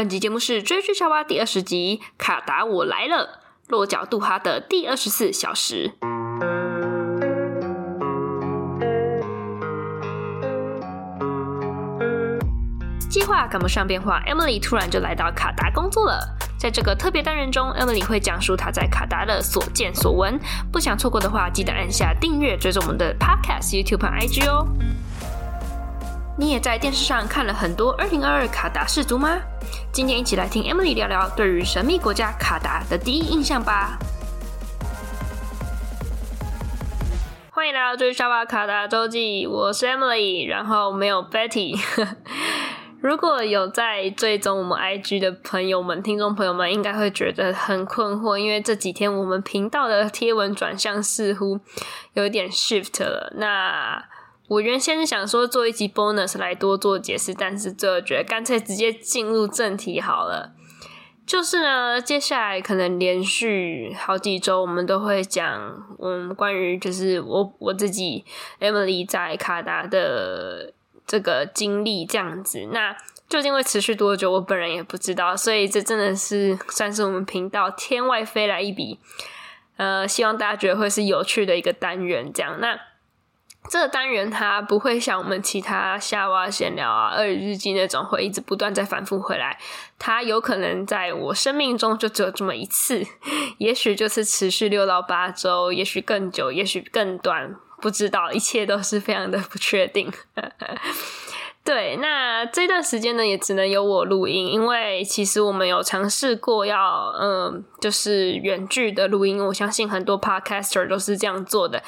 本集節目是《追劇小蛙》第二十集，卡達我來了，落腳杜哈的第二十四小時。計劃趕不上變化，Emily 突然就來到卡達工作了。在這個特別單元中，Emily 會講述她在卡達的所見所聞。不想錯過的話，記得按下訂閱，追蹤我們的 Podcast、YouTube 和 IG 哦。你也在電視上看了很多二零二二卡達世足嗎？今天一起來聽 Emily 聊聊對於神秘國家卡達的第一印象吧。歡迎來到《追劇夏娃卡達週記》，我是 Emily，然後沒有 Betty。 如果有在追蹤我們 IG 的朋友們、聽眾朋友們，應該會覺得很困惑，因為這幾天我們頻道的貼文轉向似乎有點 shift 了。那我原先是想說做一集 bonus 來多做解釋，但是最後覺得乾脆直接進入正題好了。就是呢，接下來可能連續好幾週我們都會講，嗯，關於就是我我自己 Emily 在卡達的這個經歷這樣子。那究竟會持續多久，我本人也不知道。所以這真的是算是我們頻道天外飛來一筆，呃，希望大家覺得會是有趣的一個單元這樣。那。這個、單元它不會像我們其他夏娃閒聊啊、鱷魚日記那種，會一直不斷再反復回來。它有可能在我生命中就只有這麼一次，也許就是持續六到八週，也許更久，也許更短，不知道，一切都是非常的不確定。對，那這段時間呢，也只能由我錄音，因為其實我們有嘗試過要嗯，就是遠距的錄音，我相信很多 podcaster 都是這樣做的。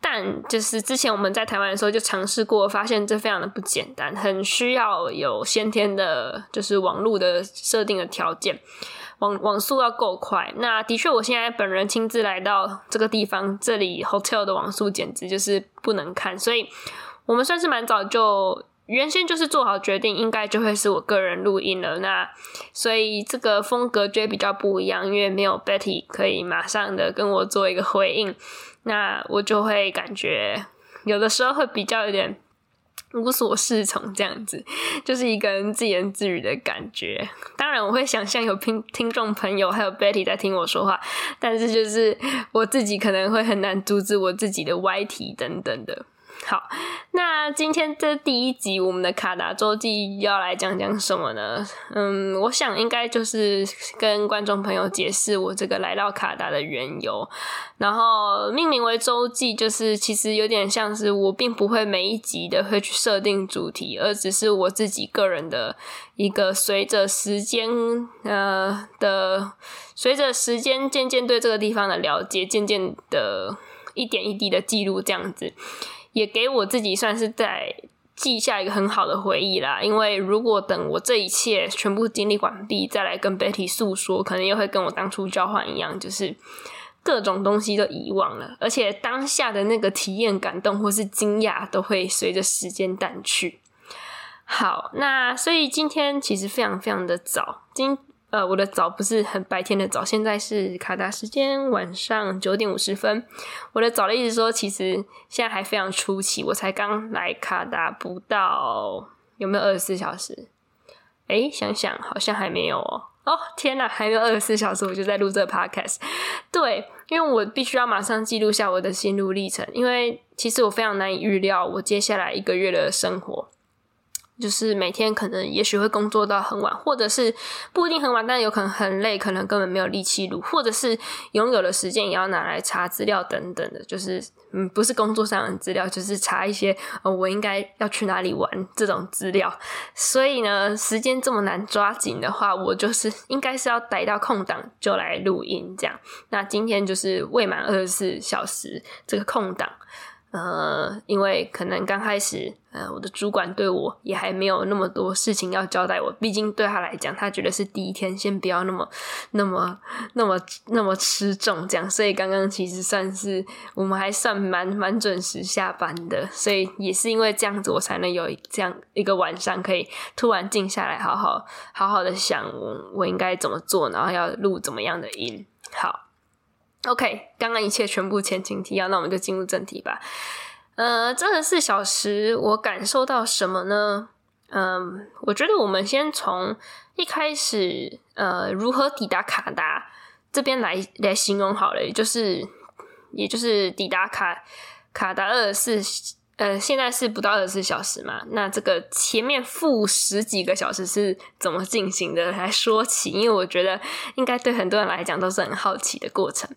但就是之前我們在台灣的時候就嘗試過，發現這非常的不簡單，很需要有先天的，就是網絡的設定的條件，網網速要夠快。那的確，我現在本人親自來到這個地方，這裡 hotel 的網速簡直就是不能看。所以，我們算是蠻早就原先就是做好決定，應該就會是我個人錄音了。那所以這個風格就比較不一樣，因為沒有 Betty 可以馬上的跟我做一個回應。那我就會感覺，有的時候會比較有點無所適從，這樣子，就是一個人自言自語的感覺。當然，我會想象有聽聽眾朋友還有 Betty 在聽我說話，但是就是我自己可能會很難阻止我自己的歪題等等的。好，那今天這第一集，我們的卡達周記要來講講什麼呢？嗯，我想應該就是跟觀眾朋友解釋我這個來到卡達的緣由，然後命名為周記，就是其實有點像是我並不會每一集的會去設定主題，而只是我自己個人的一個隨着時間呃的，隨着時間漸漸對這個地方的了解，漸漸的一點一滴的記錄這樣子。也給我自己算是在記下一個很好的回憶啦，因為如果等我這一切全部經歷完畢，再來跟 Betty 訴說，可能又會跟我當初交換一樣，就是各種東西都遺忘了，而且當下的那個體驗、感動或是驚訝，都會隨着時間淡去。好，那所以今天其實非常非常的早，今天呃，我的早不是很白天的早，現在是卡達時間，晚上九點五十分。我的早的意思說，其實現在還非常初期，我才剛來卡達不到，有沒有二十四小時？哎、欸，想想好像還沒有哦、喔。哦、喔，天哪，還沒有二十四小時，我就在錄這個 podcast。對，因為我必須要馬上記錄下我的心路歷程，因為其實我非常難以預料我接下來一個月的生活。就是每天可能也許會工作到很晚，或者是不一定很晚，但有可能很累，可能根本沒有力氣錄，或者是擁有的時間也要拿來查資料等等的。就是嗯，不是工作上的資料，就是查一些呃、哦，我應該要去哪裡玩這種資料。所以呢，時間這麼難抓緊的話，我就是應該是要逮到空檔就來錄音這樣。那今天就是未滿二十四小時這個空檔。呃，因為可能剛開始，呃，我的主管對我也還沒有那麼多事情要交代我，畢竟對他來講，他覺得是第一天，先不要那麼、那麼、那麼、那麼吃重這樣，所以剛剛其實算是我們還算蠻蠻準時下班的，所以也是因為這樣子，我才能有這樣一個晚上可以突然靜下來，好好好好的想我，我應該怎麼做，然後要錄怎麼樣的音，好。OK，剛剛一切全部前情提要，那我們就進入正題吧。呃，這二十四小時我感受到什麼呢？嗯、呃，我覺得我們先從一開始，呃，如何抵達卡達這邊來來形容好了，也就是，也就是抵達卡卡達二十四。呃，現在是不到二十四小時嘛，那這個前面負十幾個小時是怎麼進行的來說起，因為我覺得應該對很多人來講都是很好奇的過程。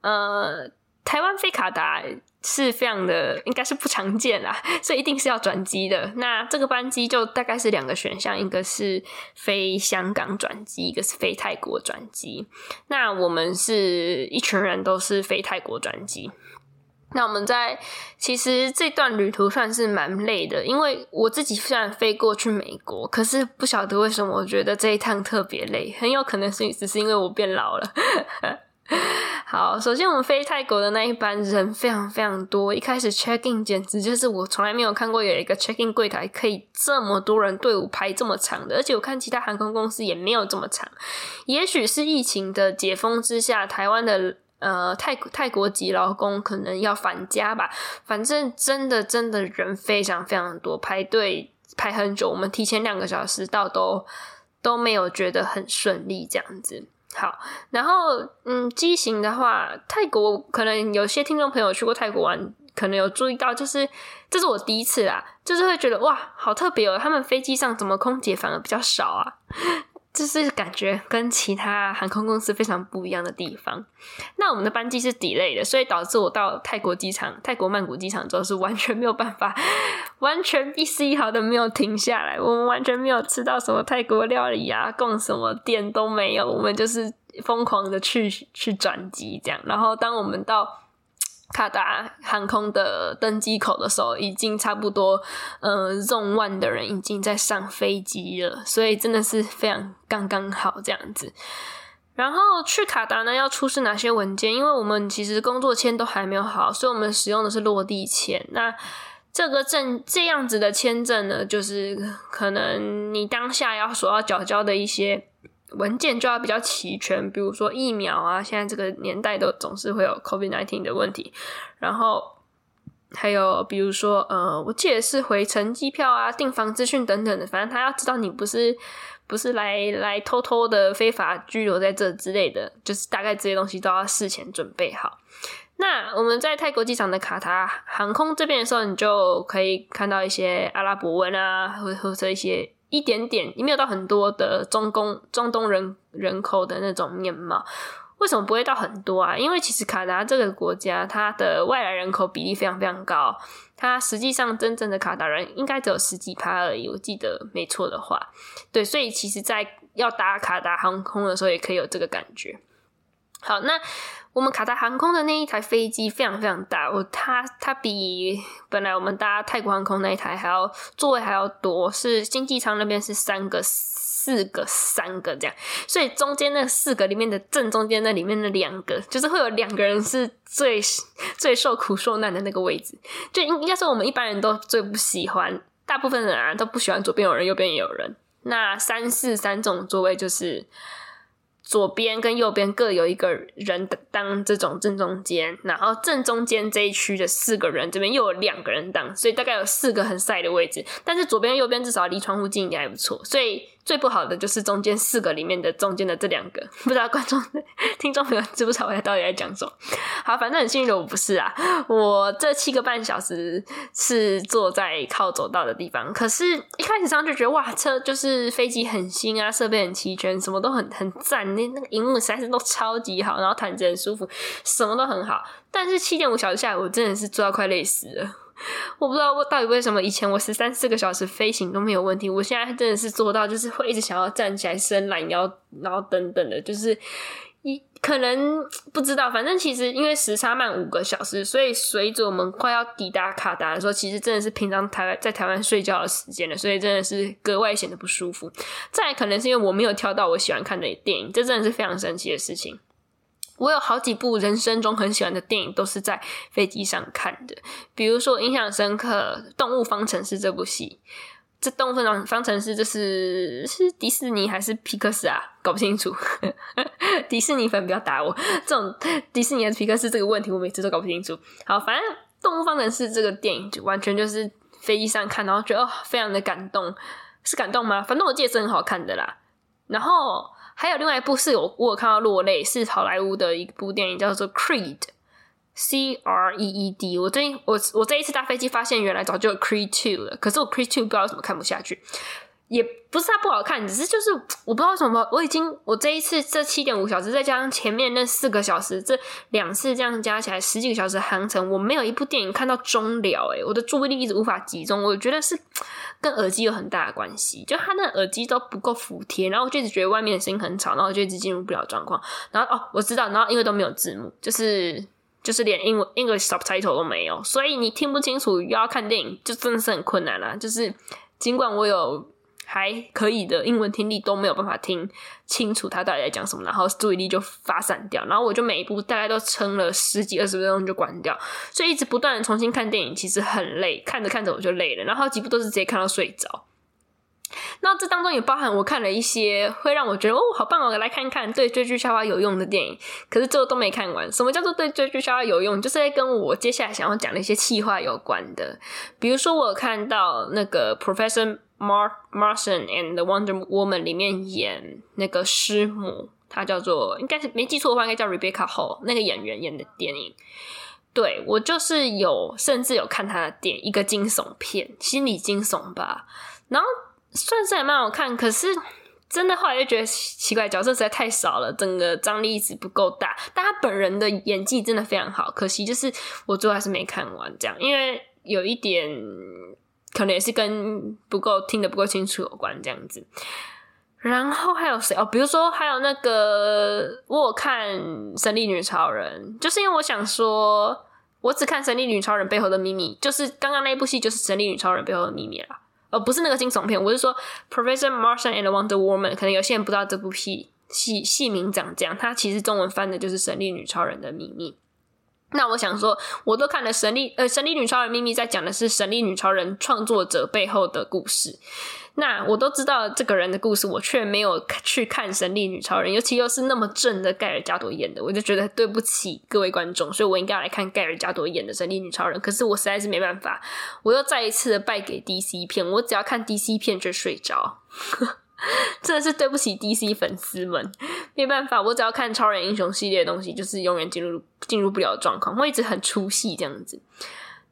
呃，台灣飛卡達是非常的，應該是不常見的，所以一定是要轉機的。那這個班機就大概是兩個選項，一個是飛香港轉機，一個是飛泰國轉機。那我們是一群人，都是飛泰國轉機。那我們在其實這段旅途算是蠻累的，因為我自己雖然飛過去美國，可是不曉得為什麼我覺得這一趟特別累，很有可能是只是因為我變老了。 好，首先我們飛泰國的那一班人非常非常多，一開始 check-in 簡直就是我從來沒有看過有一個 check-in 櫃檯可以這麼多人隊伍排這麼長的，而且我看其他航空公司也沒有這麼長，也許是疫情的解封之下，台灣的。呃，泰泰國籍勞工可能要返家吧，反正真的真的人非常非常多，排隊排很久，我們提前兩個小時到都都沒有覺得很順利這樣子。好，然後嗯，機型的話，泰國可能有些聽眾朋友去過泰國玩，可能有注意到，就是這是我第一次啦，就是會覺得哇，好特別哦、喔，他們飛機上怎麼空姐反而比較少啊？就是感覺跟其他航空公司非常不一樣的地方。那我們的班機是 delay 的，所以導致我到泰國機場，泰國曼谷機場之後是完全沒有辦法，完全一絲一毫的沒有停下來。我們完全沒有吃到什麼泰國料理啊，逛什麼店都沒有，我們就是瘋狂的去去轉機這樣。然後當我們到卡達航空的登機口的時候，已經差不多，呃，Zone 1的人已經在上飛機了，所以真的是非常剛剛好這樣子。然後去卡達呢，要出示哪些文件？因為我們其實工作簽都還沒有好，所以我們使用的是落地簽。那這個證這樣子的簽證呢，就是可能你當下要所要繳交的一些。文件就要比較齊全，比如說疫苗啊，現在這個年代都總是會有 COVID-19 的問題，然後還有比如說呃，我記得是回程機票啊、訂房資訊等等的，反正他要知道你不是不是來來偷偷的非法居留在這之類的，就是大概這些東西都要事前準備好。那我們在泰國機場的卡達航空這邊的時候，你就可以看到一些阿拉伯文啊，或者或者一些。一點點也沒有到很多的中東中東人人口的那種面貌，為什麼不會到很多啊？因為其實卡達這個國家，它的外來人口比例非常非常高，它實際上真正的卡達人應該只有十幾趴而已。我記得沒錯的話，對，所以其實，在要搭卡達航空的時候，也可以有這個感覺。好，那我們卡達航空的那一台飛機非常非常大，我它它比本來我們搭泰國航空那一台還要座位還要多，是經濟艙那邊是三個四個三個這樣，所以中間那四個裡面的正中間那裡面的兩個，就是會有兩個人是最最受苦受難的那個位置，就應應該說我們一般人都最不喜歡，大部分人啊都不喜歡左邊有人右邊也有人，那三四三種座位就是。左邊跟右邊各有一個人當這種正中間，然後正中間這一區的四個人這邊又有兩個人當，所以大概有四個很曬的位置。但是左邊右邊至少離窗戶近一點還不錯，所以。最不好的就是中間四個裡面的中間的這兩個，不知道觀眾聽眾朋友知不知道我到底在講什麼？好，反正很幸運的我不是啊，我這七個半小時是坐在靠走道的地方，可是一開始上就覺得哇，車就是飛機很新啊，設備很齊全，什麼都很很讚，那那個螢幕實在是都超級好，然後毯子很舒服，什麼都很好。但是七點五小時下來，我真的是坐到快累死了。我不知道我到底為什麼，以前我十三四個小時飛行都沒有問題，我現在真的是做到，就是會一直想要站起來伸懶腰，然後等等的，就是一可能不知道，反正其實因為時差慢五個小時，所以隨着我們快要抵達卡達的時候，其實真的是平常台在台灣睡覺的時間了，所以真的是格外顯得不舒服。再可能是因為我沒有挑到我喜歡看的電影，這真的是非常神奇的事情。我有好幾部人生中很喜歡的電影，都是在飛機上看的。比如說，印象深刻《動物方程式》這部戲。這《動物方程式》就是是迪士尼還是皮克斯啊？搞不清楚。 迪士尼粉不要打我。這種迪士尼還是皮克斯這個問題，我每次都搞不清楚。好，反正《動物方程式》這個電影就完全就是飛機上看，然後覺得、哦、非常的感動。是感動嗎？反正我記得是很好看的啦。然後。還有另外一部是我我有看到落淚，是好萊塢的一部電影，叫做《Creed》（C R E E D）。我最近我我這一次搭飛機發現，原來早就有《Creed Two》了，可是我《Creed Two》不知道怎麼看不下去。也不是它不好看，只是就是我不知道為什麼。我已經我這一次這七點五小時，再加上前面那四個小時，這兩次這樣加起來十幾個小時航程，我沒有一部電影看到終了。哎，我的注意力一直無法集中，我覺得是跟耳機有很大的關係。就他那耳機都不夠服帖，然後我就一直覺得外面的聲音很吵，然後我就一直進入不了狀況。然後哦，我知道，然後因為都沒有字幕，就是就是連英文英文 subtitle 都沒有，所以你聽不清楚又要看電影，就真的是很困難啦。就是儘管我有。還可以的英文聽力都沒有辦法聽清楚他到底在講什麼，然後注意力就發散掉，然後我就每一部大概都撐了十幾二十分鐘就關掉，所以一直不斷的重新看電影，其實很累，看着看着我就累了，然後幾部都是直接看到睡着。那這當中也包含我看了一些會讓我覺得哦好棒哦來看看對追劇笑話有用的電影，可是這個都沒看完。什麼叫做對追劇笑話有用？就是跟我接下來想要講的一些氣話有關的，比如說我有看到那個 Professor。Mar Marson and the Wonder Woman 裡面演那個師母，她叫做，應該是沒記錯的話，應該叫 Rebecca Hall 那個演員演的電影。對，我就是有，甚至有看她的電影，一個驚悚片，心理驚悚吧。然後算是還蠻好看，可是真的後來就覺得奇怪，角色實在太少了，整個張力一直不夠大。但她本人的演技真的非常好，可惜就是我最後還是沒看完，這樣，因為有一點。可能也是跟不夠聽得不夠清楚有關這樣子，然後還有誰？哦，比如說還有那個我看《神力女超人》，就是因為我想說，我只看《神力女超人》背後的祕密，就是剛剛那部戲就是《神力女超人》背後的祕密了，呃、哦，不是那個驚悚片，我是說《Professor Marston and the Wonder Women》。可能有些人不知道這部戲戲戲名長這樣，它其實中文翻的就是《神力女超人》的祕密。那我想說，我都看了《神力》呃，《神力女超人秘密》在講的是《神力女超人》創作者背後的故事。那我都知道這個人的故事，我卻沒有去看《神力女超人》，尤其又是那麼正的蓋爾加朵演的，我就覺得對不起各位觀眾，所以我應該來看蓋爾加朵演的《神力女超人》。可是我實在是沒辦法，我又再一次的敗給 DC 片，我只要看 DC 片就睡着， 真的是對不起 DC 粉絲們。沒辦法，我只要看超人英雄系列的東西，就是永遠進入進入不了的狀況。我一直很出戲這樣子，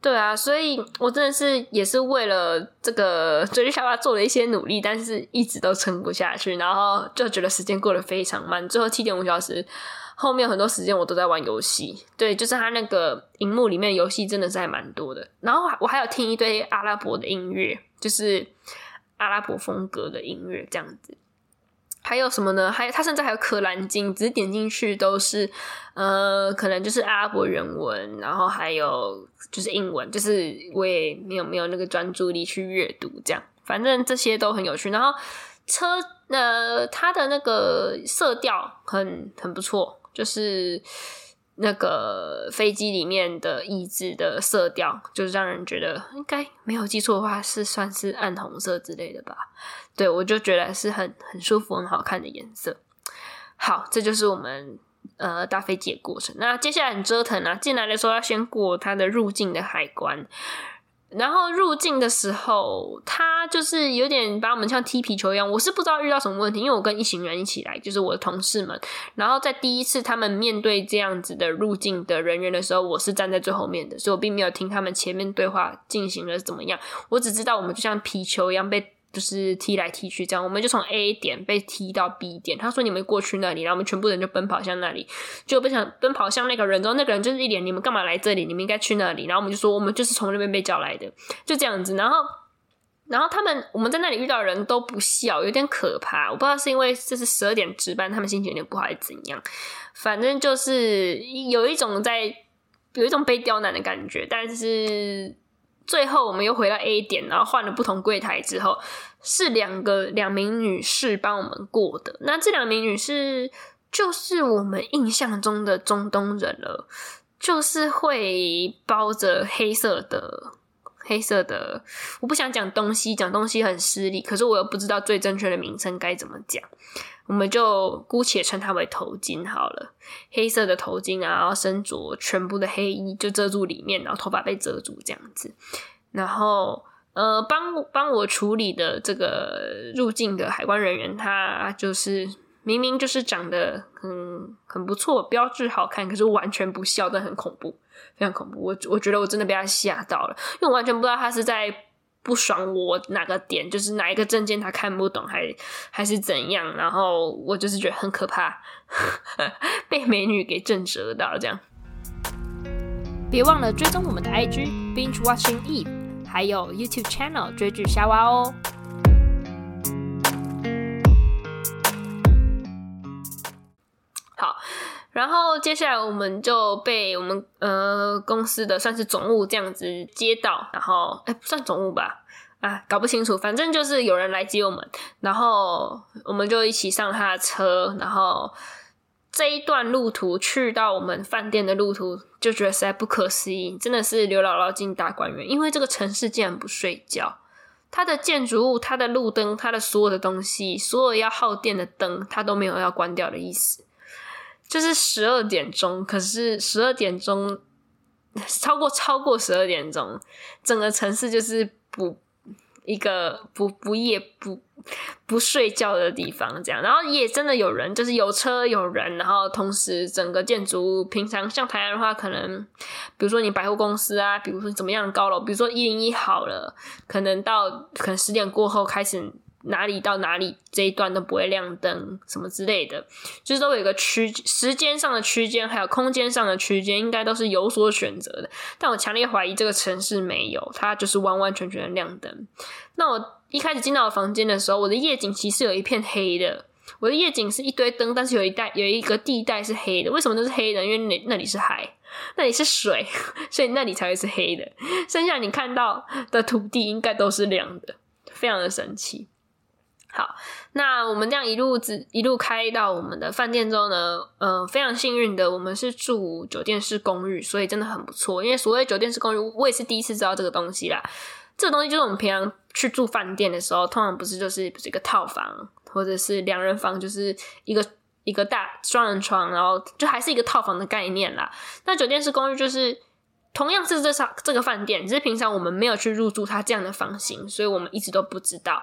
對啊，所以我真的是也是為了這個追劇夏娃做了一些努力，但是一直都撐不下去，然後就覺得時間過得非常慢。最後七點五小時後面很多時間我都在玩遊戲，對，就是他那個熒幕裡面遊戲真的是還蠻多的。然後我還有聽一堆阿拉伯的音樂，就是阿拉伯風格的音樂這樣子。還有什麼呢？還有，它甚至還有可蘭經，只是點進去都是，呃，可能就是阿拉伯人文，然後還有就是英文，就是我也沒有沒有那個專注力去閱讀，這樣，反正這些都很有趣。然後車，呃，它的那個色調很很不錯，就是。那個飛機裡面的椅子的色調，就是讓人覺得應該沒有記錯的話，是算是暗紅色之類的吧。對我就覺得是很很舒服，很好看的顏色。好，這就是我們呃搭飛機的過程。那接下來很折騰啊，進來的時候要先過它的入境的海關。然後入境的時候，他就是有點把我們像踢皮球一樣。我是不知道遇到什麼問題，因為我跟一行人一起來，就是我的同事們。然後在第一次他們面對這樣子的入境的人員的時候，我是站在最後面的，所以我並沒有聽他們前面對話進行了怎麼樣。我只知道我們就像皮球一樣被。就是踢來踢去這樣，我們就從 A 點被踢到 B 點。他說：“你們過去那裡。”然後我們全部人就奔跑向那裡，就奔想奔跑向那個人。然後那個人就是一臉：“你們幹嘛來這裡？你們應該去那裡。”然後我們就說：“我們就是從那邊被叫來的。”就這樣子。然後，然後他們我們在那裡遇到人都不笑，有點可怕。我不知道是因為這是十二點值班，他們心情有點不好，還是怎樣。反正就是有一種在有一種被刁難的感覺，但是。最後，我們又回到 A 點，然後換了不同櫃檯之後，是兩個，兩名女士幫我們過的。那這兩名女士，就是我們印象中的中東人了，就是會包着黑色的。黑色的，我不想講東西，講東西很失禮。可是我又不知道最正確的名稱該怎麼講，我們就姑且稱它為頭巾好了。黑色的頭巾啊，然後身着全部的黑衣，就遮住裡面，然後頭髮被遮住這樣子。然後，呃，幫幫我處理的這個入境的海關人員，他就是。明明就是長得很很不錯，標緻好看，可是完全不笑，但很恐怖，非常恐怖。我我覺得我真的被他嚇到了，因為我完全不知道他是在不爽我哪個點，就是哪一個證件他看不懂還，還還是怎樣。然後我就是覺得很可怕，呵呵，被美女給震懾到，這樣。別忘了追蹤我們的 IG binge watching eve 還有 YouTube channel 追劇夏娃哦。好，然後接下來我們就被我們呃公司的算是總務這樣子接到，然後哎不算總務吧，啊搞不清楚，反正就是有人來接我們，然後我們就一起上他的車，然後這一段路途去到我們飯店的路途就覺得實在不可思議，真的是劉姥姥進大觀園，因為這個城市竟然不睡覺，它的建築物、它的路燈、它的所有的東西，所有要耗電的燈，它都沒有要關掉的意思。就是十二點鐘，可是十二點鐘超過超過十二點鐘，整個城市就是不一個不不，夜不不睡覺的地方，這樣，然後也真的有人，就是有車有人，然後同時整個建築物，平常像台灣的話，可能比如說你百貨公司啊，比如說怎麼樣的高樓，比如說一零一好了，可能到可能十點過後開始。哪裡到哪裡這一段都不會亮燈，什麼之類的，就是都有一個區，時間上的區間，還有空間上的區間，應該都是有所選擇的。但我強烈懷疑這個城市沒有，它就是完完全全的亮燈。那我一開始進到我房間的時候，我的夜景其實有一片黑的，我的夜景是一堆燈，但是有一帶有一個地帶是黑的。為什麼那是黑的？因為那那裡是海，那裡是水，所以那裡才會是黑的。剩下你看到的土地應該都是亮的，非常的神奇。好，那我們這樣一路子一路開到我們的飯店之後呢，嗯、呃，非常幸運的，我們是住酒店式公寓，所以真的很不錯。因為所謂酒店式公寓，我也是第一次知道這個東西啦。這個東西就是我們平常去住飯店的時候，通常不是就是不是一個套房或者是兩人房，就是一個一個大雙人床，然後就還是一個套房的概念啦。那酒店式公寓就是同樣是這上這個飯店，只是平常我們沒有去入住它這樣的房型，所以我們一直都不知道。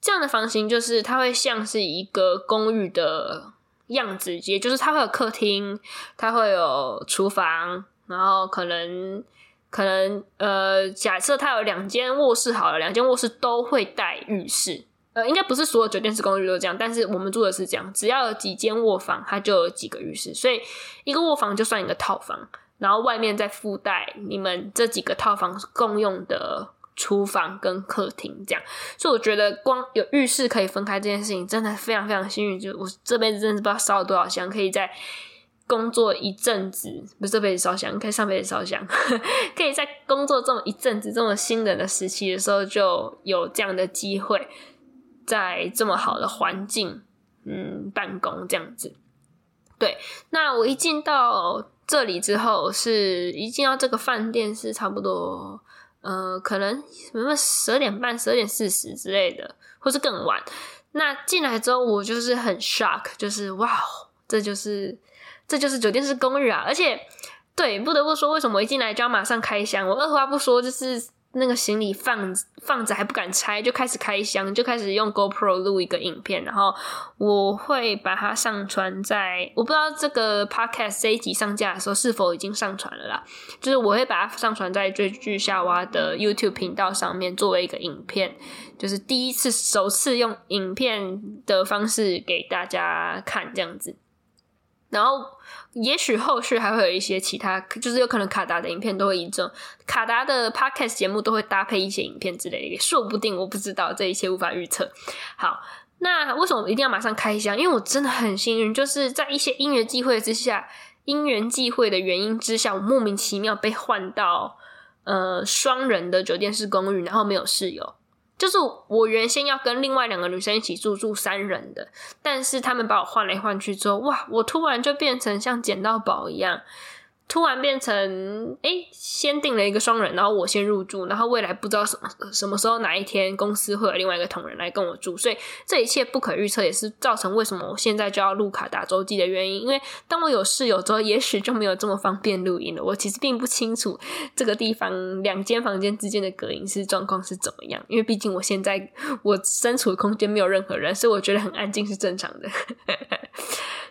這樣的房型就是它會像是一個公寓的樣子，也就是它會有客廳，它會有廚房，然後可能可能呃，假設它有兩間臥室好了，兩間臥室都會帶浴室。呃，應該不是所有酒店式公寓都這樣，但是我們住的是這樣，只要有幾間臥房，它就有幾個浴室，所以一個臥房就算一個套房，然後外面再附帶你們這幾個套房共用的。廚房跟客廳這樣，所以我覺得光有浴室可以分開這件事情真的非常非常幸運。就我這輩子真的不知道燒了多少香，可以在工作一陣子，不是這輩子燒香，可以上輩子燒香， 可以在工作這麼一陣子，這麼新人的時期的時候，就有這樣的機會，在這麼好的環境，嗯，辦公這樣子。對，那我一進到這裡之後是，是一進到這個飯店是差不多。呃，可能什麼十二點半，十二點四十之類的，或是更晚。那進來之後，我就是很 shock，就是哇，這就是這就是酒店式公寓啊！而且，對，不得不說，為什麼一進來就要馬上開箱？我二話不說，就是。那個行李放放着還不敢拆，就開始開箱，就開始用 GoPro 錄一個影片，然後我會把它上傳在，我不知道這個 Podcast 這一集上架的時候是否已經上傳了啦，就是我會把它上傳在追劇夏娃的 YouTube 頻道上面，作為一個影片，就是第一次首次用影片的方式給大家看這樣子。然後，也許後續還會有一些其他，就是有可能卡達的影片都會移這卡達的 podcast 節目都會搭配一些影片之類的，說不定我不知道，這一切無法預測。好，那為什麼我一定要馬上開箱？因為我真的很幸運，就是在一些因緣際會之下，因緣際會的原因之下，我莫名其妙被換到呃雙人的酒店式公寓，然後沒有室友。就是我原先要跟另外兩個女生一起住，住三人的，但是他們把我換來換去之後，哇，我突然就變成像撿到寶一樣。突然變成哎、欸，先定了一個雙人，然後我先入住，然後未來不知道什麼什麼時候哪一天公司會有另外一個同仁來跟我住，所以這一切不可預測也是造成為什麼我現在就要錄卡達週記的原因。因為當我有室友之後，也許就沒有這麼方便錄音了。我其實並不清楚這個地方兩間房間之間的隔音是狀況是怎麼樣，因為畢竟我現在我身處的空間沒有任何人，所以我覺得很安靜是正常的。呵呵呵。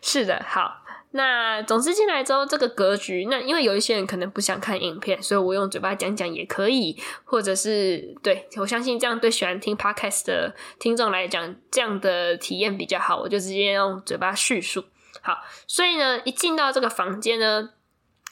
是的，好。那總之進來之後，這個格局，那因為有一些人可能不想看影片，所以我用嘴巴講講也可以，或者是，對，我相信這樣對喜歡聽 podcast 的聽眾來講，這樣的體驗比較好，我就直接用嘴巴敘述。好，所以呢，一進到這個房間呢，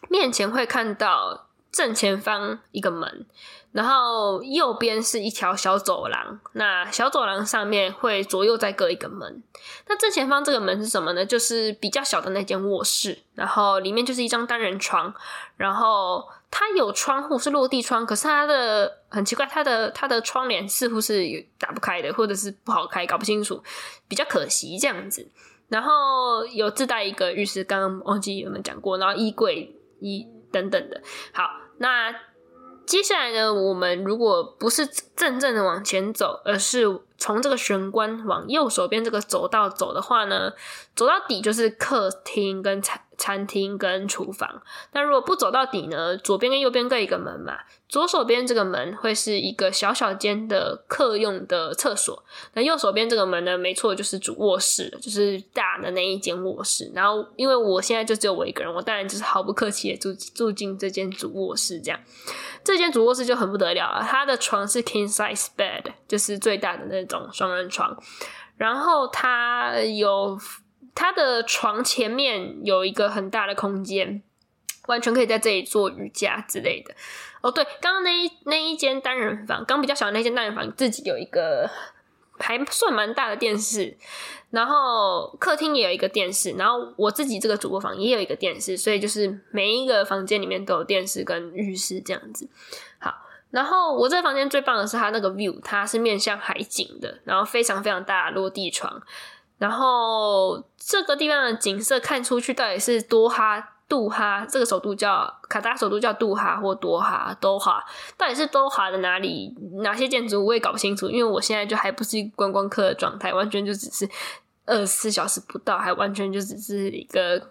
面前會看到正前方一個門。然後右邊是一條小走廊，那小走廊上面會左右再各一個門。那正前方這個門是什麼呢？就是比較小的那間臥室，然後裡面就是一張單人床，然後它有窗戶是落地窗，可是它的很奇怪，它的它的窗簾似乎是有打不開的，或者是不好開，搞不清楚，比較可惜這樣子。然後有自帶一個浴室，剛剛忘記有沒有講過。然後衣櫃、衣等等的。好，那。接下來呢，我們如果不是正正的往前走，而是從這個玄關往右手邊這個走道走的話呢，走到底就是客廳跟餐廳。餐廳跟廚房，那如果不走到底呢？左邊跟右邊各一個門嘛。左手邊這個門會是一個小小間的客用的廁所。那右手邊這個門呢？沒錯，就是主臥室，就是大的那一間臥室。然後，因為我現在就只有我一個人，我當然就是毫不客氣的住住進這間主臥室。這樣，這間主臥室就很不得了了。它的床是 king size bed，就是最大的那種雙人床。然後它有。它的床前面有一個很大的空間，完全可以在這裡做瑜伽之類的。哦，對，剛剛那一那一間單人房，剛，剛比較小的那間單人房，自己有一個還算蠻大的電視，然後客廳也有一個電視，然後我自己這個主臥房也有一個電視，所以就是每一個房間裡面都有電視跟浴室這樣子。好，然後我這個房間最棒的是它那個 view，它是面向海景的，然後非常非常大落地窗。然後這個地方的景色看出去，到底是多哈、杜哈這個首都叫卡達首都叫杜哈或多哈，多哈到底是多哈的哪裡哪些建築物，我也搞不清楚，因為我現在就還不是觀光客的狀態，完全就只是。二十四小時不到，還完全就只是一個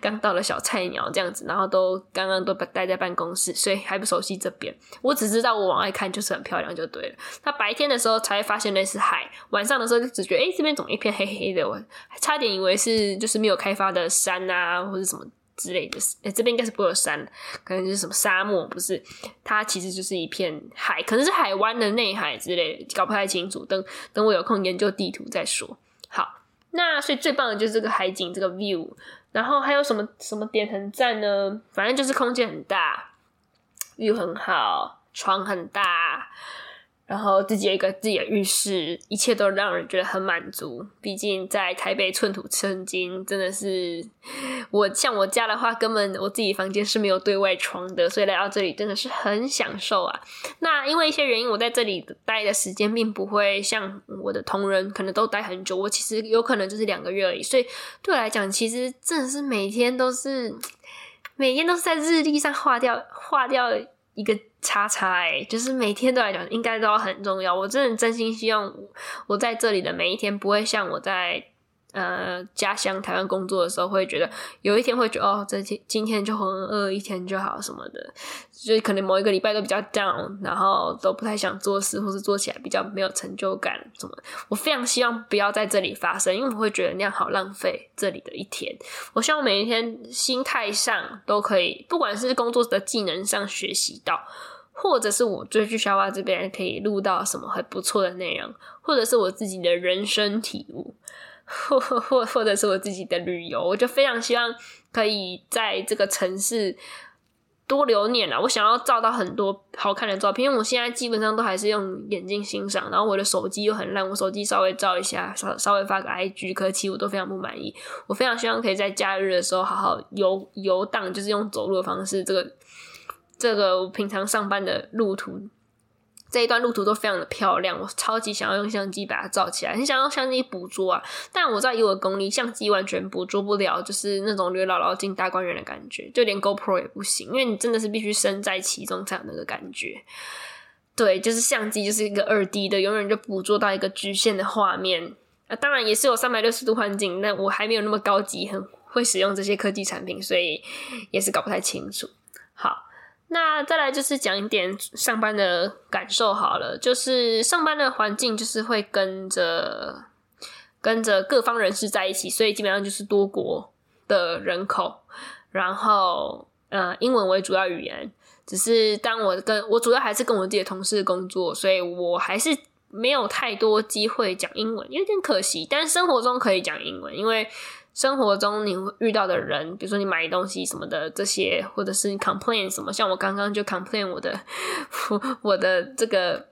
剛到的小菜鳥這樣子，然後都剛剛都待在辦公室，所以還不熟悉這邊。我只知道我往外看就是很漂亮，就對了。那白天的時候才會發現那是海，晚上的時候就只覺得哎、欸，這邊怎麼一片黑黑的？我差點以為是就是沒有開發的山啊，或者什麼之類的。哎、欸，這邊應該是不有山，可能就是什麼沙漠？不是，它其實就是一片海，可能是海灣的內海之類的，搞不太清楚。等等我有空研究地圖再說。好。那所以最棒的就是這個海景，這個 view，然後還有什麼，什麼點很讚呢？反正就是空間很大，view 很好，床很大。然後自己有一個自己的浴室，一切都讓人覺得很滿足。畢竟在台北寸土寸金，真的是我像我家的話，根本我自己房間是沒有對外窗的，所以來到這裡真的是很享受啊。那因為一些原因，我在這裡待的時間並不會像我的同仁可能都待很久，我其實有可能就是兩個月而已。所以對我來講，其實真的是每天都是每天都是在日曆上劃掉劃掉一個。叉叉、欸，就是每天都來講，應該都很重要。我真的真心希望我在這裡的每一天，不會像我在呃家鄉台灣工作的時候，會覺得有一天會覺得哦，這天今天就很餓，一天就好什麼的，就可能某一個禮拜都比較 down，然後都不太想做事，或是做起來比較沒有成就感什麼。我非常希望不要在這裡發生，因為我會覺得那樣好浪費這裡的一天。我希望每一天心態上都可以，不管是工作的技能上學習到。或者是我追劇、夏娃這邊可以錄到什麼很不錯的內容，或者是我自己的人生體悟，或或，或者是我自己的旅遊，我就非常希望可以在這個城市多留念了。我想要照到很多好看的照片，因為我現在基本上都還是用眼睛欣賞，然後我的手機又很爛，我手機稍微照一下，稍稍微發個 IG，可是其實我都非常不滿意。我非常希望可以在假日的時候好好遊遊蕩，就是用走路的方式，這個。這個我平常上班的路途，這一段路途都非常的漂亮，我超級想要用相機把它照起來。很想要相機捕捉啊，但我知道以我的功力，相機完全捕捉不了，就是那種劉姥姥進大觀園的感覺，就連 GoPro 也不行，因為你真的是必須身在其中才有那個感覺。對，就是相機就是一個二 D 的，永遠就捕捉到一個局限的畫面。啊，當然也是有三百六十度環境，但我還沒有那麼高級，很會使用這些科技產品，所以也是搞不太清楚。好。那再來就是講一點上班的感受好了，就是上班的環境就是會跟着跟着各方人士在一起，所以基本上就是多國的人口，然後呃英文為主要語言。只是當我跟我主要還是跟我自己的同事工作，所以我還是沒有太多機會講英文，有點可惜。但生活中可以講英文，因為。生活中你遇到的人，比如說你買東西什麼的這些，或者是你 complain 什麼，像我剛剛就 complain 我的我，我的這個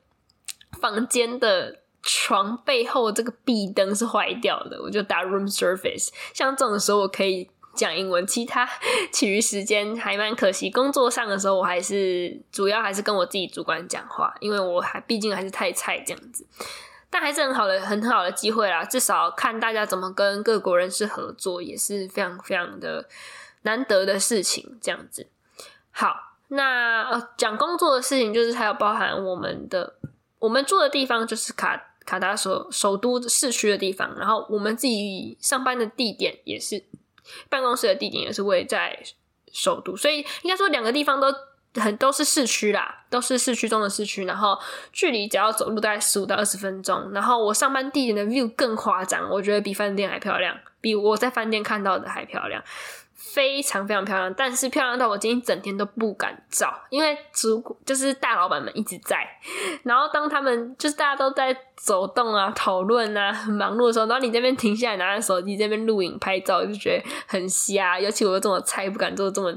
房間的床背後這個壁燈是壞掉的，我就打 room service。像這種時候我可以講英文，其他，其餘時間還蠻可惜。工作上的時候，我還是主要還是跟我自己主管講話，因為我還畢竟還是太菜這樣子。但還是很好的、很，很好的機會啦，至少看大家怎麼跟各國人士合作也是非常、非常的難得的事情。這樣子，好，那講工作的事情，就是還有包含我們的，我們住的地方就是卡卡達首首都市區的地方，然後我們自己上班的地點也是辦公室的地點也是會在首都，所以應該說兩個地方都。很，都是市區啦，都是市區中的市區，然後距離只要走路大概十五到二十分鐘。然後我上班地點的 view 更誇張，我覺得比飯店還漂亮，比我在飯店看到的還漂亮，非常非常漂亮。但是漂亮到我今天一整天都不敢照，因為主就是大老闆們一直在。然後當他們就是大家都在走動啊、討論啊、忙碌的時候，然後你這邊停下來拿着手機這邊錄影拍照，就覺得很瞎。尤其我這種菜不敢做這麼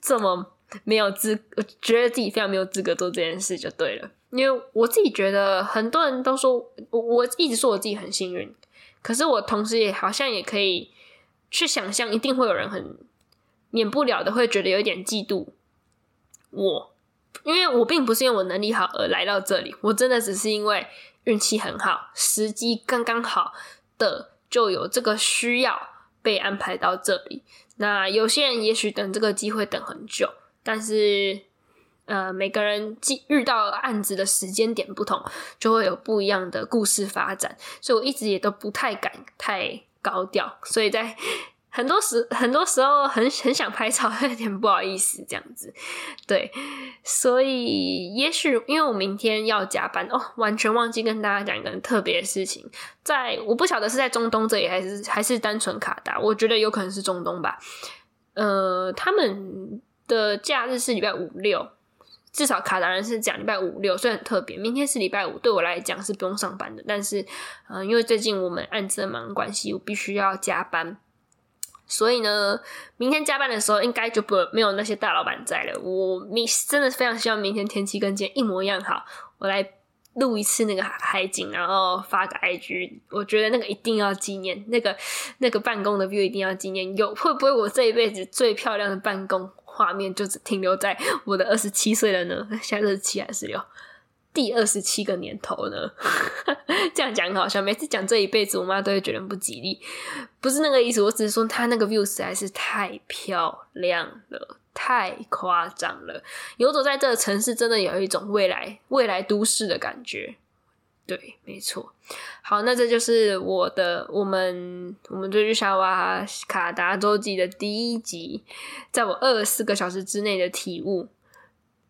這麼這麼沒有資，我覺得自己非常沒有資格做這件事就對了。因為我自己覺得，很多人都說我，我一直說我自己很幸運，可是我同時也好像也可以去想象，一定會有人很免不了的會覺得有一點嫉妒我，因為我並不是因為我能力好而來到這裡，我真的只是因為運氣很好，時機剛剛好的就有這個需要被安排到這裡。那有些人也許等這個機會等很久。但是，呃，每個人遇遇到案子的時間點不同，就會有不一樣的故事發展。所以，我一直也都不太敢太高調。所以在很多時，很多時候很很想拍照，有點不好意思這樣子。對，所以也許因為我明天要加班哦，完全忘記跟大家講一個特別的事情。在我不曉得是在中東這裡還，還是還是單純卡達，我覺得有可能是中東吧。呃，他們。的假日是禮拜五六，至少卡達人是講禮拜五六，雖然很特別。明天是禮拜五，對我來講是不用上班的。但是，嗯、呃，因為最近我們案子忙關，關係我必須要加班，所以呢，明天加班的時候應該就不沒有那些大老板在了。我 miss 真的非常希望明天天氣跟今天一模一樣，好，我來錄一次那個海景，然後發個 IG，我覺得那個一定要紀念，那個那個辦公的 view 一定要紀念，有會不會我這一輩子最漂亮的辦公？畫面就只停留在我的二十七歲了呢，現在二十七還是六？第二十七個年頭呢？ 這樣講好像每次講這一輩子，我媽都會覺得不吉利，不是那個意思。我只是說，她那個 view 實在是太漂亮了，太誇張了，遊走在這個城市，真的有一種未來未來都市的感覺。對，沒錯。好，那這就是我的我們我們追劇夏娃卡達週記的第一集，在我二十四個小時之內的體悟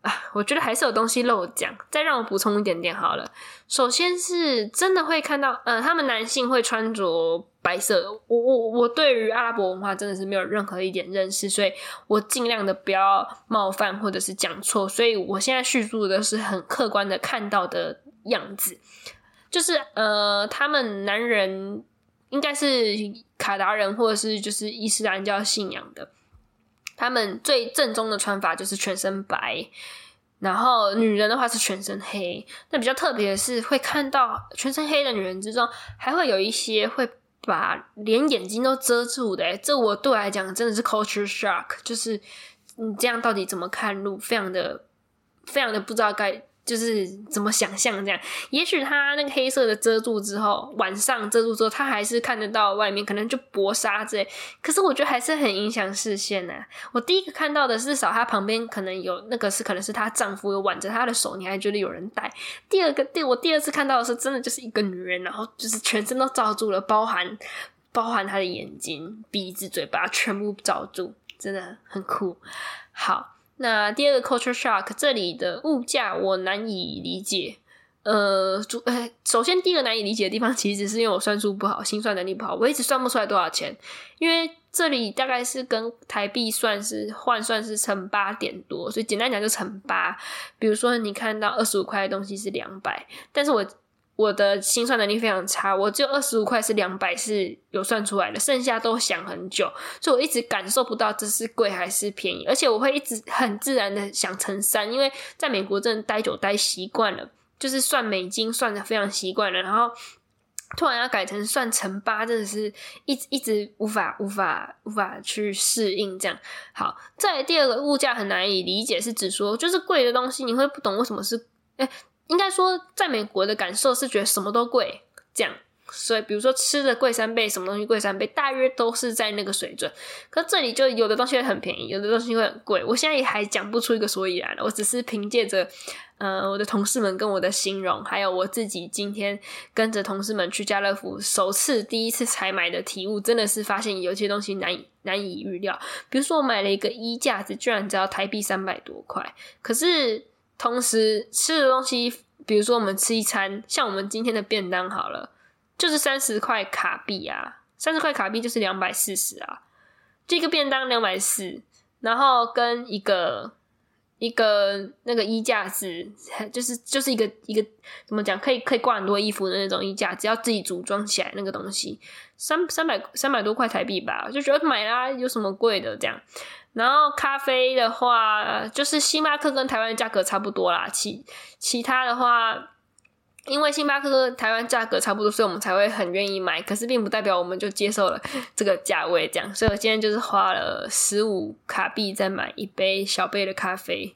啊，我覺得還是有東西漏講，再讓我補充一點點好了。首先是真的會看到，嗯、呃，他們男性會穿着白色。我我我對於阿拉伯文化真的是沒有任何一點認識，所以我儘量的不要冒犯或者是講錯。所以我現在敘述的是很客觀的看到的。樣子就是呃，他們男人應該是卡達人，或者是就是伊斯蘭教信仰的。他們最正宗的穿法就是全身白，然後女人的話是全身黑。那比較特別的是，會看到全身黑的女人之中，還會有一些會把連眼睛都遮住的欸。這我對我來講真的是 culture shock，就是你這樣到底怎麼看路，非常的非常的不知道該。就是怎麼想象這樣？也許她那個黑色的遮住之後，晚上遮住之後，她還是看得到外面，可能就薄紗之類。可是我覺得還是很影響視線呢、啊。我第一個看到的是，至少她旁邊可能有那個是可能是她丈夫有挽着她的手，你還覺得有人戴。第二個第我第二次看到的是真的就是一個女人，然後就是全身都罩住了，包含包含她的眼睛、鼻子、嘴巴全部罩住，真的很酷。好。那第二個 culture shock，這裡的物價我難以理解。呃，主，哎，首先第一個難以理解的地方，其實是因為我算數不好，心算能力不好，我一直算不出來多少錢。因為這裡大概是跟台幣算是換算是乘八點多，所以簡單講就乘八。比如說你看到二十五塊的東西是兩百，但是我。我的心算能力非常差，我只有二十五塊是兩百是有算出來的，剩下都想很久，所以我一直感受不到這是貴還是便宜，而且我會一直很自然的想乘三，因為在美國真的待久待習慣了，就是算美金算得非常習慣了，然後突然要改成算乘八，真的是一直一直無法無法無法去適應這樣。好，再來第二個物價很難以理解，是指說就是貴的東西你會不懂為什麼是誒、欸應該說，在美國的感受是覺得什麼都貴，這樣，所以比如說吃的貴三倍，什麼東西貴三倍，大約都是在那個水準。可這裡就有的東西會很便宜，有的東西會很貴。我現在也還講不出一個所以然，我只是憑借着，呃，我的同事們跟我的形容，還有我自己今天跟着同事們去家樂福首次第一次採買的體悟，真的是發現有些東西難以難以預料。比如說我買了一個衣架子，居然只要台幣三百多塊，可是。同時吃的東西，比如說我們吃一餐，像我們今天的便當好了，就是三十塊卡幣啊，三十塊卡幣就是兩百四十啊，這個便當兩百四，然後跟一個一個那個衣架子，就是就是一個一個怎麼講，可以可以掛很多衣服的那種衣架，只要自己組裝起來那個東西，三三百三百多塊台幣吧，就覺得買啦，啊，有什麼貴的這樣。然後咖啡的話，就是星巴克跟台灣價格差不多啦。其其他的話，因為星巴克跟台灣價格差不多，所以我們才會很願意買。可是並不代表我們就接受了這個價位這樣。所以我今天就是花了十五卡幣再買一杯小杯的咖啡。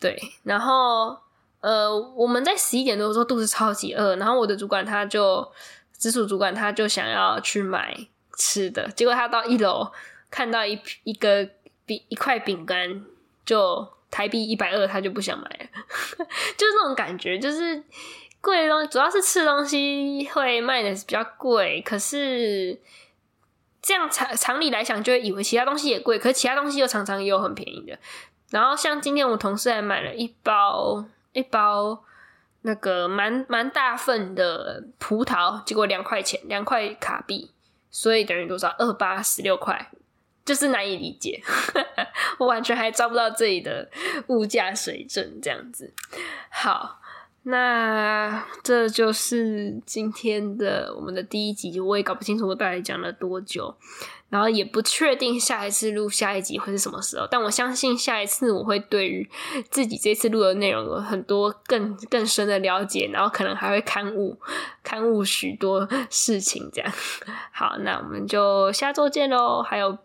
對，然後呃，我們在十一點多的時候肚子超級餓，然後我的主管他就直屬主管他就想要去買吃的，結果他到一樓看到一一個。比一塊餅乾就台幣一百二，他就不想買了， 就是那種感覺，就是貴的東西主要是吃東西會賣的是比較貴，可是這樣常常理來講，就會以為其他東西也貴，可是其他東西又常常也有很便宜的。然後像今天我同事還買了一包一包那個蠻蠻大份的葡萄，結果兩塊錢兩塊卡幣，所以等於多少二八十六塊。28，就是難以理解， 我完全還抓不到這裡的物價水準這樣子。好，那這就是今天的我們的第一集，我也搞不清楚我大概講了多久，然後也不確定下一次錄下一集會是什麼時候。但我相信下一次我會對於自己這次錄的內容有很多更更深的了解，然後可能還會刊物刊物許多事情這樣。好，那我們就下周見嘍，還有。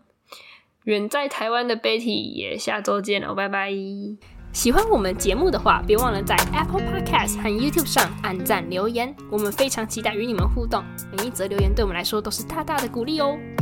遠在台灣的 Betty 也下周見哦、喔，拜拜！喜歡我們節目的話，別忘了在 Apple Podcast 和 YouTube 上按讚留言，我們非常期待與你們互動。每一則留言對我們來說都是大大的鼓勵哦、喔。